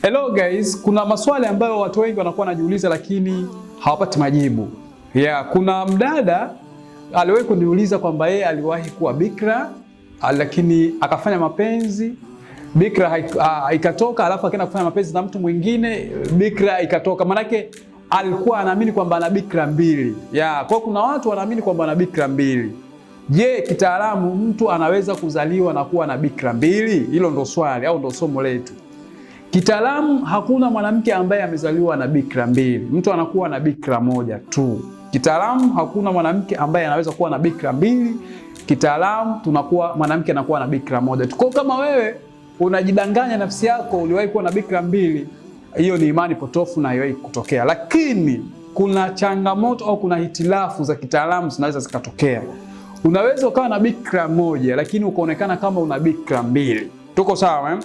Hello guys, kuna maswali ambayo watu wengi wanakuwa wanajiuliza lakini hawapati majibu Yeah, Kuna mdada aliwahi kuniuliza kwamba yeye aliwahi kuwa bikra, lakini akafanya mapenzi bikra ah, ikatoka, alafu akaenda kufanya mapenzi na mtu mwingine bikra ikatoka. Maanake alikuwa anaamini kwamba ana bikra mbili ya. Kwa kuna watu wanaamini kwamba ana bikra mbili. Je, kitaalamu mtu anaweza kuzaliwa na kuwa na bikra mbili? Hilo ndo swali au ndo somo letu. Kitaalamu hakuna mwanamke ambaye amezaliwa na bikira mbili. Mtu anakuwa na bikira moja tu. Kitaalamu hakuna mwanamke ambaye anaweza kuwa na bikira mbili. Kitaalamu tunakuwa mwanamke anakuwa na bikira moja tu. Kwa kama wewe unajidanganya nafsi yako uliwahi kuwa na bikira mbili, hiyo ni imani potofu na haiwahi kutokea. Lakini kuna changamoto au kuna hitilafu za kitaalamu zinaweza zikatokea. Unaweza ukawa na bikira moja lakini ukaonekana kama una bikira mbili. Tuko sawa eh?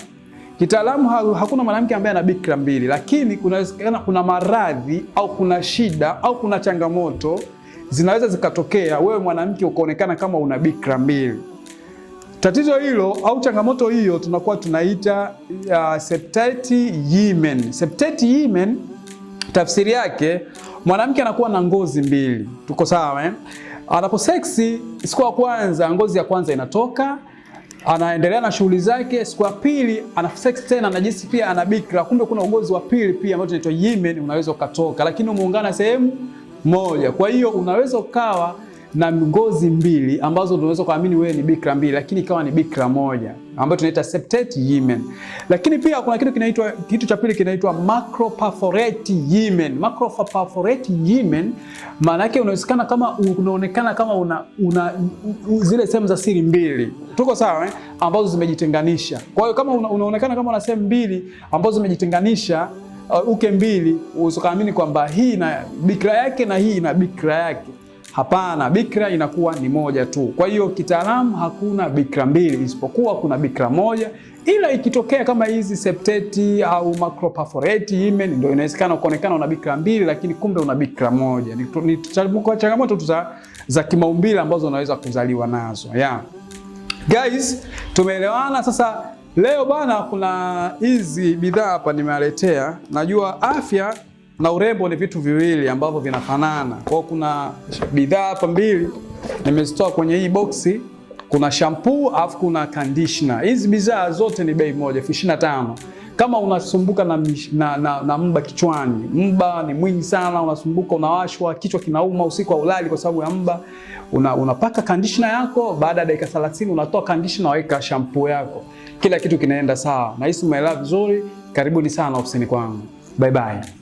Kitaalamu hakuna mwanamke ambaye ana bikira mbili, lakini kunawezekana kuna maradhi au kuna shida au kuna changamoto zinaweza zikatokea, wewe mwanamke ukaonekana kama una bikira mbili. Tatizo hilo au changamoto hiyo tunakuwa tunaita uh, septate hymen. Septate hymen tafsiri yake mwanamke anakuwa na ngozi mbili, tuko sawa eh? Anapo seksi siku ya kwanza, ngozi ya kwanza inatoka anaendelea na shughuli zake. Siku ya pili ana sex tena, jinsi pia ana bikra. Kumbe kuna ugozi wa pili pia ambao tunaitwa hymen, unaweza ukatoka, lakini umeungana sehemu moja. Kwa hiyo unaweza ukawa na ngozi mbili ambazo tunaweza kuamini wewe ni bikra mbili, lakini ikawa ni bikra moja ambayo tunaita septate yemen. Lakini pia kuna kitu kinaitwa, kitu cha pili kinaitwa macro perforate yemen. Macro perforate yemen maana yake unaonekana kama unaonekana kama una, una zile sehemu za siri mbili, tuko sawa eh? ambazo zimejitenganisha. Kwa hiyo kama una, unaonekana kama una sehemu mbili ambazo zimejitenganisha uh, uke mbili, usikaamini kwamba hii na bikra yake na hii na bikra yake. Hapana, bikra inakuwa ni moja tu. Kwa hiyo kitaalamu hakuna bikra mbili, isipokuwa kuna bikra moja, ila ikitokea kama hizi septeti au macroperforate hymen, ndio inawezekana kuonekana una bikra mbili, lakini kumbe una bikra moja. Ni changamoto tu za, za kimaumbile ambazo unaweza kuzaliwa nazo yeah. Guys, tumeelewana sasa. Leo bana, kuna hizi bidhaa hapa nimewaletea, najua afya na urembo ni vitu viwili ambavyo vinafanana. Kwa kuna bidhaa hapa mbili nimezitoa kwenye hii boksi, kuna shampoo afu kuna conditioner. Hizi bidhaa zote ni bei moja elfu ishirini na tano. Kama unasumbuka na, na, na, na mba kichwani, mba ni mwingi sana, unasumbuka unawashwa, kichwa kinauma, usiku haulali kwa sababu ya mba, una, unapaka conditioner yako, baada ya dakika 30 unatoa conditioner, waweka shampoo yako, kila kitu kinaenda sawa. Nahisi umeelewa vizuri. Karibuni sana ofisini kwangu, bye bye.